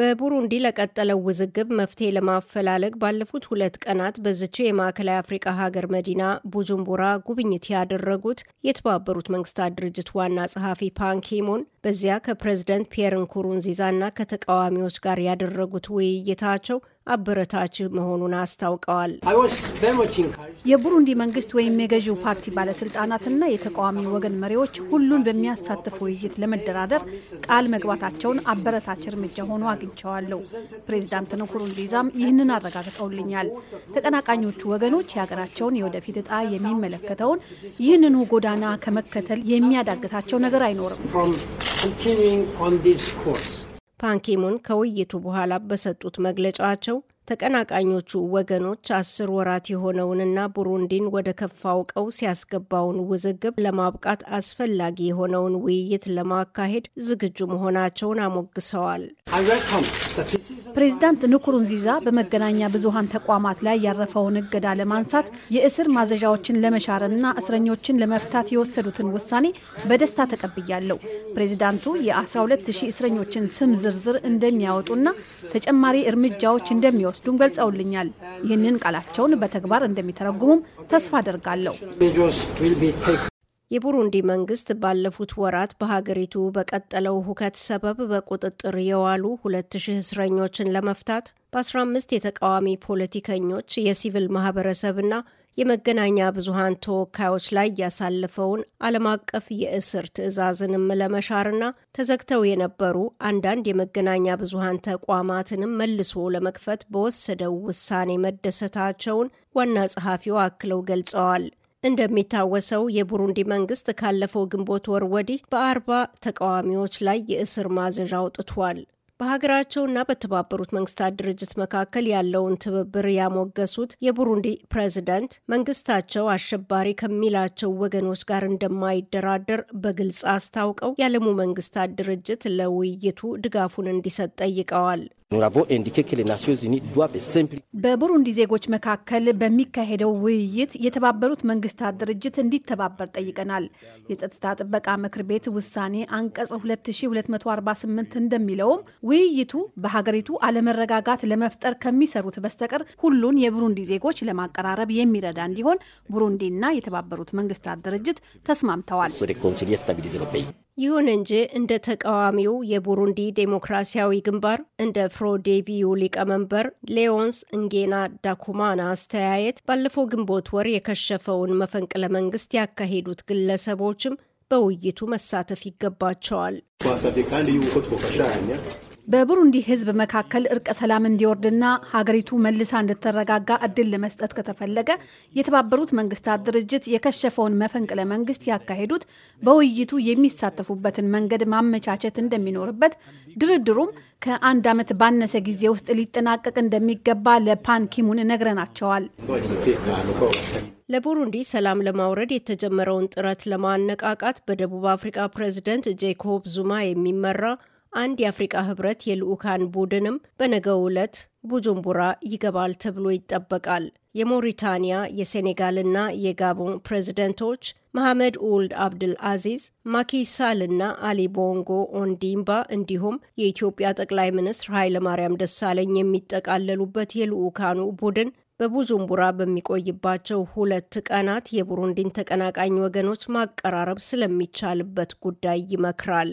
በቡሩንዲ ለቀጠለው ውዝግብ መፍትሄ ለማፈላለግ ባለፉት ሁለት ቀናት በዝችው የማዕከላዊ አፍሪቃ ሀገር መዲና ቡጁምቡራ ጉብኝት ያደረጉት የተባበሩት መንግስታት ድርጅት ዋና ጸሐፊ ፓንኪሙን በዚያ ከፕሬዝደንት ፒየር ንኩሩንዚዛና ከተቃዋሚዎች ጋር ያደረጉት ውይይታቸው አበረታች መሆኑን አስታውቀዋል። የቡሩንዲ መንግስት ወይም የገዢው ፓርቲ ባለስልጣናትና የተቃዋሚ ወገን መሪዎች ሁሉን በሚያሳትፍ ውይይት ለመደራደር ቃል መግባታቸውን አበረታች እርምጃ ሆኖ አግኝቸዋለሁ። ፕሬዚዳንት ንኩሩንዚዛም ይህንን አረጋግጠውልኛል። ተቀናቃኞቹ ወገኖች የሀገራቸውን የወደፊት እጣ የሚመለከተውን ይህንኑ ጎዳና ከመከተል የሚያዳግታቸው ነገር አይኖርም። ፓንኪሙን ከውይይቱ በኋላ በሰጡት መግለጫቸው ተቀናቃኞቹ ወገኖች አስር ወራት የሆነውንና ቡሩንዲን ወደ ከፋው ቀውስ ያስገባውን ውዝግብ ለማብቃት አስፈላጊ የሆነውን ውይይት ለማካሄድ ዝግጁ መሆናቸውን አሞግሰዋል። ፕሬዚዳንት ንኩሩንዚዛ በመገናኛ ብዙሃን ተቋማት ላይ ያረፈውን እገዳ ለማንሳት የእስር ማዘዣዎችን ለመሻርና እስረኞችን ለመፍታት የወሰዱትን ውሳኔ በደስታ ተቀብያለሁ። ፕሬዚዳንቱ የ12000 እስረኞችን ስም ዝርዝር እንደሚያወጡና ተጨማሪ እርምጃዎች እንደሚወ እንደሚወስዱም ገልጸውልኛል። ይህንን ቃላቸውን በተግባር እንደሚተረጉሙም ተስፋ አደርጋለሁ። የቡሩንዲ መንግስት ባለፉት ወራት በሀገሪቱ በቀጠለው ሁከት ሰበብ በቁጥጥር የዋሉ 2000 እስረኞችን ለመፍታት በ15 የተቃዋሚ ፖለቲከኞች የሲቪል ማህበረሰብና የመገናኛ ብዙሃን ተወካዮች ላይ ያሳለፈውን ዓለም አቀፍ የእስር ትዕዛዝንም ለመሻርና ተዘግተው የነበሩ አንዳንድ የመገናኛ ብዙሃን ተቋማትንም መልሶ ለመክፈት በወሰደው ውሳኔ መደሰታቸውን ዋና ጸሐፊው አክለው ገልጸዋል። እንደሚታወሰው የቡሩንዲ መንግስት ካለፈው ግንቦት ወር ወዲህ በአርባ ተቃዋሚዎች ላይ የእስር ማዘዣ አውጥቷል። በሀገራቸውና በተባበሩት መንግስታት ድርጅት መካከል ያለውን ትብብር ያሞገሱት የቡሩንዲ ፕሬዚደንት መንግስታቸው አሸባሪ ከሚላቸው ወገኖች ጋር እንደማይደራደር በግልጽ አስታውቀው የዓለሙ መንግስታት ድርጅት ለውይይቱ ድጋፉን እንዲሰጥ ጠይቀዋል። በቡሩንዲ ዜጎች መካከል በሚካሄደው ውይይት የተባበሩት መንግስታት ድርጅት እንዲተባበር ጠይቀናል። የጸጥታ ጥበቃ ምክር ቤት ውሳኔ አንቀጽ 2248 እንደሚለውም ውይይቱ በሀገሪቱ አለመረጋጋት ለመፍጠር ከሚሰሩት በስተቀር ሁሉን የቡሩንዲ ዜጎች ለማቀራረብ የሚረዳ እንዲሆን ቡሩንዲና የተባበሩት መንግስታት ድርጅት ተስማምተዋል። ይሁን እንጂ እንደ ተቃዋሚው የቡሩንዲ ዴሞክራሲያዊ ግንባር እንደ ፍሮዴቢዩ ሊቀመንበር ሌዮንስ እንጌና ዳኩማና አስተያየት ባለፈው ግንቦት ወር የከሸፈውን መፈንቅለ መንግስት ያካሄዱት ግለሰቦችም በውይይቱ መሳተፍ ይገባቸዋል። በቡሩንዲ ሕዝብ መካከል እርቀ ሰላም እንዲወርድና ሀገሪቱ መልሳ እንድትረጋጋ እድል ለመስጠት ከተፈለገ የተባበሩት መንግስታት ድርጅት የከሸፈውን መፈንቅለ መንግስት ያካሄዱት በውይይቱ የሚሳተፉበትን መንገድ ማመቻቸት እንደሚኖርበት፣ ድርድሩም ከአንድ ዓመት ባነሰ ጊዜ ውስጥ ሊጠናቀቅ እንደሚገባ ለፓንኪሙን ነግረናቸዋል። ለቡሩንዲ ሰላም ለማውረድ የተጀመረውን ጥረት ለማነቃቃት በደቡብ አፍሪካ ፕሬዚደንት ጄኮብ ዙማ የሚመራ አንድ የአፍሪቃ ህብረት የልዑካን ቡድንም በነገው ዕለት ቡጁምቡራ ይገባል ተብሎ ይጠበቃል። የሞሪታንያ የሴኔጋልና የጋቦን ፕሬዝደንቶች መሐመድ ኡልድ አብድል አዚዝ ማኪሳልና አሊ ቦንጎ ኦንዲምባ እንዲሁም የኢትዮጵያ ጠቅላይ ሚኒስትር ኃይለማርያም ደሳለኝ የሚጠቃለሉበት የልዑካኑ ቡድን በቡጁምቡራ በሚቆይባቸው ሁለት ቀናት የቡሩንዲን ተቀናቃኝ ወገኖች ማቀራረብ ስለሚቻልበት ጉዳይ ይመክራል።